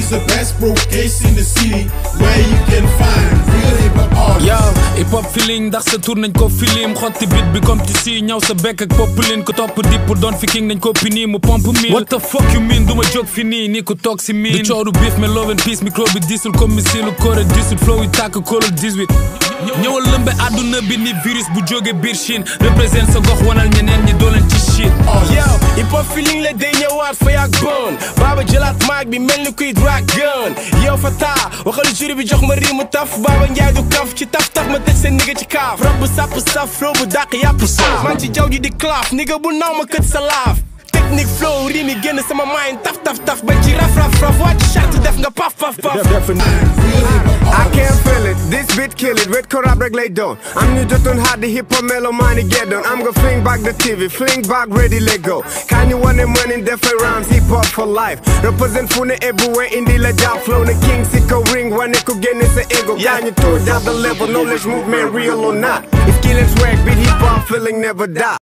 is the best case in the city where you can find real hip hop artists. yow hip hop feeling ndax sa tour nañ ko filim xotti bit bi comme ti si ñaw sa bekk ak poplin ku topp dip pour doon fi king nañ ko pini mu pomp mil what the fuck you mean duma jóg fi nii ni ku toog si miin du cooru biif mais love and peace micro bi disul comme Silo kore Diesel flow a yi tàkk kolol 18 ñëwal lëmbe àdduna bi ni virus bu jóge biir Chine représente sa gox wanal ñeneen ñi dooleen ci shit yow feeling la day ñëwaat fa yàgg bon baaba jëlaat maag bi mel ni kuy drag gun yow fa waxal juri bi jox ma riimu taf baaba njaay du kaf ci taf taf ma teg seen nigga ci kaaf rab bu sàpp saf roobu dàq yàpp saaf man ci jaww ji di claf nigga bu naw ma kët sa laaf technique flow riim yi génn sama maayin taf taf taf bañ ci raf raf raf wàcc charte def nga paf paf paf kill it, red corrupt regulate down I'm new Jotun hard the hip hop money get down I'm gonna fling back the TV, fling back ready let go you one in money different rhymes, hip hop for life Represent fune everywhere in the legend flow The king sicko ring, one echo again it's an ego you throw down the level, knowledge movement real or not If killing swag, beat hip hop feeling never die